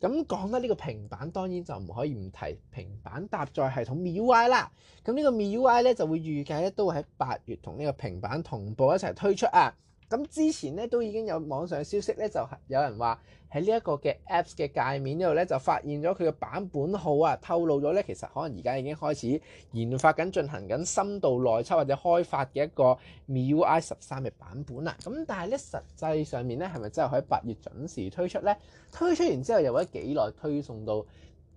咁講得呢個平板當然就唔可以唔提平板搭載系統 MIUI 啦，咁呢個 MIUI 呢，就會預計咧都會喺八月同呢個平板同步一齊推出啊。咁之前咧都已經有網上消息咧，就有人話喺呢一個嘅 Apps 嘅界面呢度咧，就發現咗佢嘅版本號啊，透露咗咧，其實可能而家已經開始研發緊、進行緊深度內測或者開發嘅一個 MIUI 十三嘅版本啦。咁但係咧實際上面咧，係咪真係可以八月準時推出咧？推出完之後又會幾耐推送到，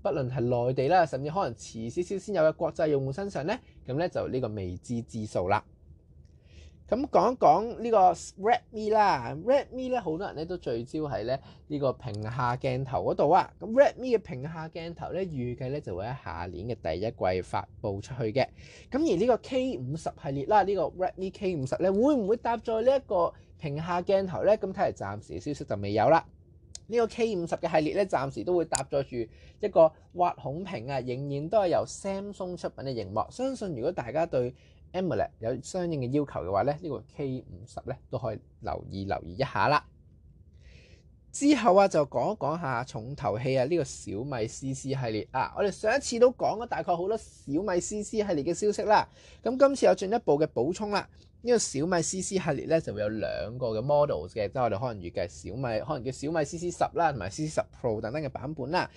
不論係內地啦，甚至可能遲少少先有嘅國際用戶身上咧，咁咧就呢個未知之數啦。咁講一講呢個 Redmi 啦，Redmi 咧好多人咧都聚焦喺咧呢個屏下鏡頭嗰度啊。咁 Redmi 嘅屏下鏡頭咧預計咧就會喺下年嘅第一季發布出去嘅。咁而呢個 K 五十系列啦，呢個 Redmi K 五十咧會唔會搭載呢一個屏下鏡頭咧？咁睇嚟暫時消息就未有啦。呢個 K 五十嘅系列咧，暫時都會搭載住一個挖孔屏啊，仍然都係由 Samsung 出品嘅熒幕。相信如果大家對 AMOLED 有相應嘅要求嘅話咧，呢個 K 五十咧都可以留意留意一下啦。之後啊，就講一講一下重頭戲啊，呢個小米 CC 系列啊，我哋上一次都講咗大概好多小米 CC 系列嘅消息啦。咁今次有進一步嘅補充啦。呢個小米 CC 系列咧就會有兩個嘅 models 嘅，即係我哋可能預計小米可能叫小米 CC 十啦，同埋 CC 十 Pro 等等嘅版本啦。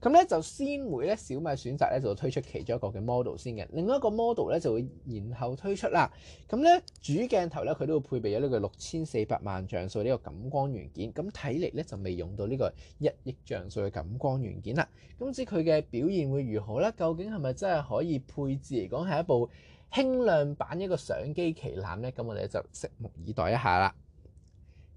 咁咧就先會咧小米選擇咧就會推出其中一個嘅 model 先嘅，另外一個 model 咧就會然後推出啦。咁咧主鏡頭咧佢都會配備咗呢個六千四百萬像素呢個感光元件，咁睇嚟咧就未用到呢個一億像素嘅感光元件啦。咁至於佢嘅表現會如何咧？究竟係咪真係可以配置嚟講係一部輕量版一個相機旗艦咧，咁我哋就拭目以待一下啦。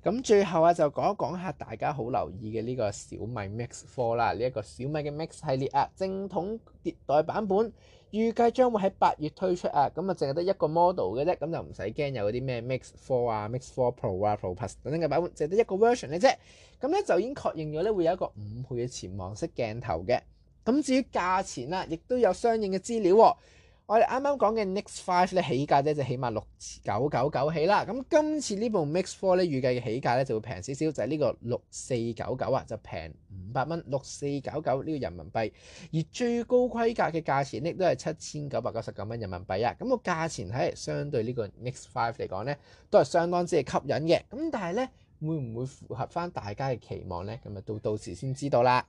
咁最後啊，就講一講下大家好留意嘅呢個小米 MIX 4啦。呢、這、一個小米嘅 MIX 系列啊，正統迭代版本，預計將會喺八月推出啊。咁啊，淨係得一個 model 嘅啫，咁就唔使驚有嗰啲咩 MIX 4啊、MIX 4 Pro 啊、Pro Plus 等等嘅版本，淨係得一個 version 嘅啫。咁咧就已經確認咗咧，會有一個五倍嘅潛望式鏡頭嘅。咁至於價錢啦、啊，亦都有相應嘅資料、啊。我哋啱啱講嘅 Next Five 咧起價咧就起碼六九九九起啦，咁今次呢部 Mix Four 咧預計嘅起價咧就會平少少，就係、是、呢個六四九九啊，就平五百蚊，六四九九呢個人民幣，而最高規格嘅價錢亦都係七千九百九十九蚊人民幣啊，咁、那個價錢睇嚟相對個5呢個 Next Five 嚟講咧都係相當之吸引嘅，咁但係咧會唔會符合翻大家嘅期望咧？咁啊都到時先知道啦。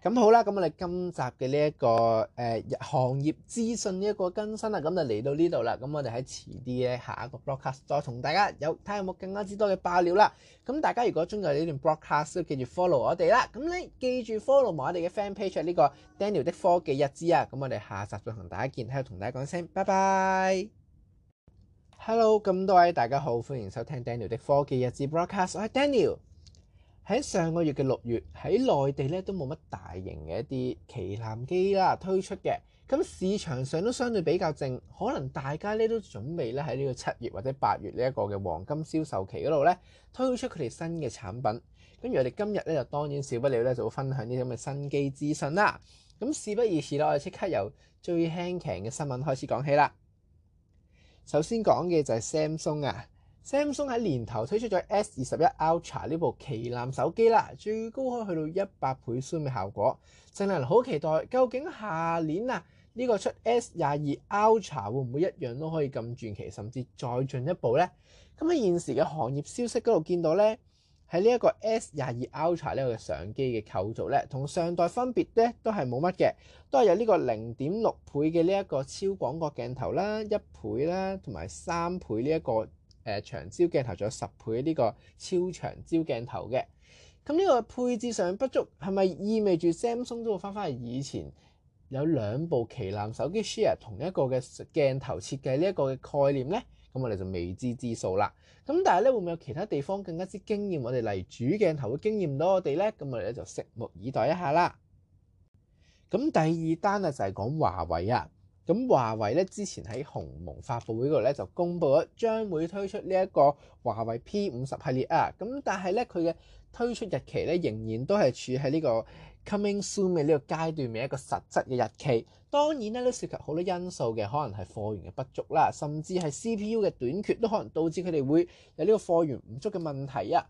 咁好啦，咁我哋今集嘅呢一個誒、呃、行業資訊一個更新啦，咁就嚟到呢度啦。咁我哋喺遲啲咧下一個 broadcast 再同大家有睇下有冇更加之多嘅爆料啦。咁大家如果中意呢段 broadcast，都記住 follow 我哋啦。咁你記住 follow 我哋嘅 fan page 呢個 Daniel 的科技日誌啊。咁我哋下集再同大家見，喺度同大家講聲拜拜。Hello，咁多位大家好，歡迎收聽 Daniel 的科技日誌 broadcast。我係 Daniel。喺上個月嘅六月，喺內地咧都冇乜大型嘅一啲旗艦機啦推出嘅，咁市場上都相對比較靜，可能大家咧都準備咧喺呢個七月或者八月呢一個嘅黃金銷售期嗰度咧推出佢哋新嘅產品。咁，而我哋今日咧就當然少不了咧就會分享啲咁嘅新機資訊啦。咁事不宜遲啦，我哋即刻由最輕強嘅新聞開始講起啦。首先講嘅就係 Samsung 啊。Samsung 喺年頭推出咗 S 二十一 Ultra 呢部旗艦手機啦，最高可以去到一百倍 zoom 嘅效果，正係好期待。究竟下年啊呢個出 S 廿二 Ultra 會唔會一樣都可以咁傳奇，甚至再進一步呢？咁喺現時嘅行業消息嗰度見到呢，喺呢一個 S 廿二 Ultra 呢個相機嘅構造呢，同上代分別呢都係冇乜嘅，都係有呢個零點六倍嘅呢一個超廣角鏡頭啦、一倍啦，同埋三倍呢、這、一個。誒，長焦鏡頭仲有十倍呢個超長焦鏡頭嘅，咁呢個配置上不足係咪意味住 Samsung 都會翻翻以前有兩部旗艦手機 share 同一個嘅鏡頭設計呢一個嘅概念呢？咁我哋就未知之數啦。咁但係咧會唔會有其他地方更加之驚豔我哋，嚟主鏡頭會驚豔到我哋呢？咁我哋咧就拭目以待一下啦。咁第二單啊就係講華為啊。咁華為咧之前喺鴻蒙發布會度咧就公布咗將會推出呢一個華為 P 五十系列啊，咁但係咧佢嘅推出日期咧仍然都係處喺呢個 coming soon 嘅呢個階段嘅一個實質嘅日期。當然咧都涉及好多因素嘅，可能係貨源嘅不足啦，甚至係 CPU 嘅短缺都可能導致佢哋會有呢個貨源唔足嘅問題啊。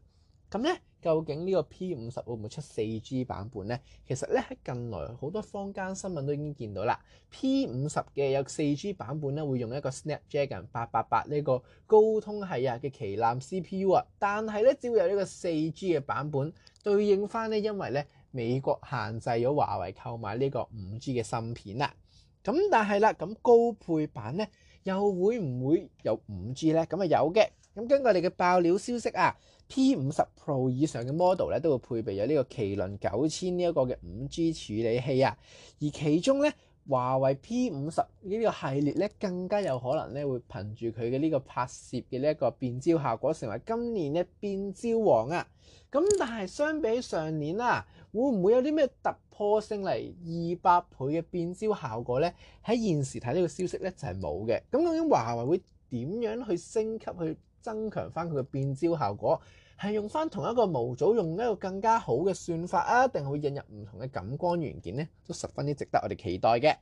咁咧，究竟呢個 P 五十會唔會出四 G 版本咧？其實咧喺近來好多坊間新聞都已經見到啦。P 五十嘅有四 G 版本咧，會用一個 Snapdragon 八八八呢個高通系啊嘅旗艦 CPU 啊，但係咧，只會有呢個四 G 嘅版本對應翻咧，因為咧美國限制咗華為購買呢個五 G 嘅芯片啦。咁但係啦，咁高配版咧又會唔會有五 G 咧？咁啊有嘅。咁根據你嘅爆料消息啊。P 五十 Pro 以上嘅 model 咧都會配備有呢個麒麟九千呢一個嘅五 G 處理器啊，而其中咧華為 P 五十呢個系列咧更加有可能咧會憑住佢嘅呢個拍攝嘅呢一個變焦效果成為今年嘅變焦王啊！咁但係相比上年啦、啊，會唔會有啲咩突破性嚟二百倍嘅變焦效果咧？喺現時睇呢個消息咧就係冇嘅。咁究竟華為會點樣去升級去？增強翻佢嘅變焦效果，係用翻同一個模組，用一個更加好嘅算法啊，定會引入唔同嘅感光元件呢，都十分之值得我哋期待嘅。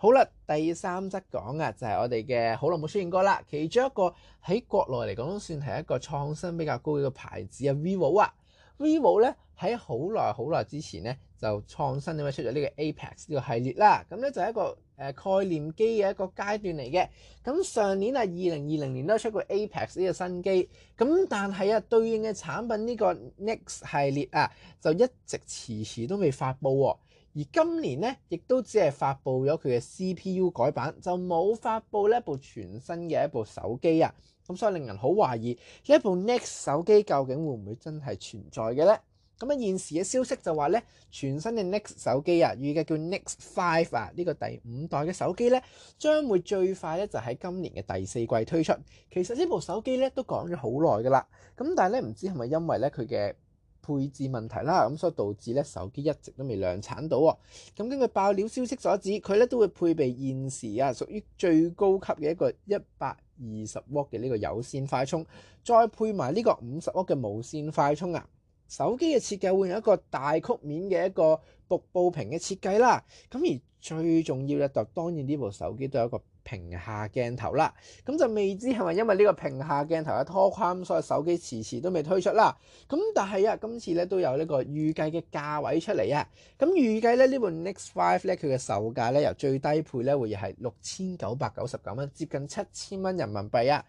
好啦，第三則講啊，就係、是、我哋嘅好耐冇出現過啦，其中一個喺國內嚟講都算係一個創新比較高嘅一個牌子啊，VIVO 啊。Vivo 咧，喺好耐好耐之前咧，就創新咗出咗呢個 Apex 呢個系列啦，咁咧就係一個誒、呃、概念機嘅一個階段嚟嘅。咁上年啊，二零二零年都出過 Apex 呢個新機，咁但係啊，對應嘅產品呢個 Nex 系列啊，就一直遲遲都未發佈喎，啊。而今年咧，亦都只係發布咗佢嘅 CPU 改版，就冇發布呢部全新嘅一部手機啊。咁所以令人好懷疑呢部 Next 手機究竟會唔會真係存在嘅呢？咁啊現時嘅消息就話呢全新嘅 Next 手機啊，預計叫 Next Five 啊，呢個第五代嘅手機呢，將會最快咧就喺今年嘅第四季推出。其實呢部手機呢，都講咗好耐噶啦，咁但係咧唔知係咪因為呢佢嘅？配置問題啦，咁所以導致咧手機一直都未量產到喎。咁根據爆料消息所指，佢咧都會配備現時啊屬於最高級嘅一個一百二十瓦嘅呢個有線快充，再配埋呢個五十瓦嘅無線快充啊。手機嘅設計會有一個大曲面嘅一個瀑布屏嘅設計啦。咁而最重要咧就當然呢部手機都有一個屏下鏡頭啦，咁就未知係咪因為呢個屏下鏡頭嘅拖框，所以手機遲遲都未推出啦。咁但係啊，今次咧都有呢個預計嘅價位出嚟啊。咁預計咧呢部 Next Five 咧佢嘅售價咧由最低配咧會係六千九百九十九蚊，接近七千蚊人民幣啊。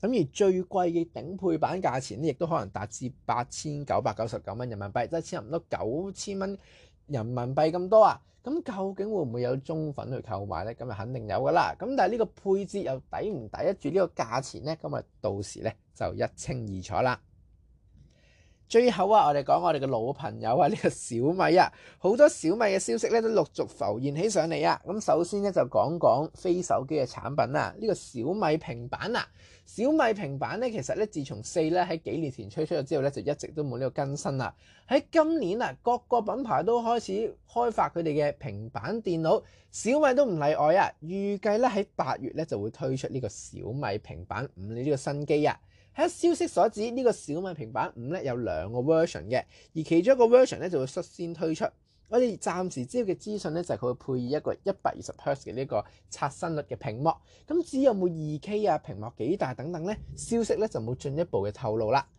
咁而最貴嘅頂配版價錢咧亦都可能達至八千九百九十九蚊人民幣，即係差唔多九千蚊。人民幣咁多啊，咁究竟會唔會有忠粉去購買呢？咁啊肯定有㗎啦，咁但係呢個配置又抵唔抵得住呢個價錢呢？咁啊到時呢就一清二楚啦。最後啊，我哋講我哋嘅老朋友啊，呢個小米啊，好多小米嘅消息咧都陸續浮現起上嚟啊。咁首先咧就講講非手機嘅產品啦，呢個小米平板啊，小米平板咧其實咧，自從四咧喺幾年前推出咗之後咧，就一直都冇呢個更新啦。喺今年啊，各個品牌都開始開發佢哋嘅平板電腦，小米都唔例外啊。預計咧喺八月咧就會推出呢個小米平板五呢個新機啊。喺消息所指，呢、這個小米平板五咧有兩個 version 嘅，而其中一個 version 咧就會率先推出。我哋暫時知道嘅資訊咧就係佢會配以一個一百二十赫茲嘅呢個刷新率嘅屏幕，咁至於有冇二 K 啊，屏幕幾大等等咧，消息咧就冇進一步嘅透露啦。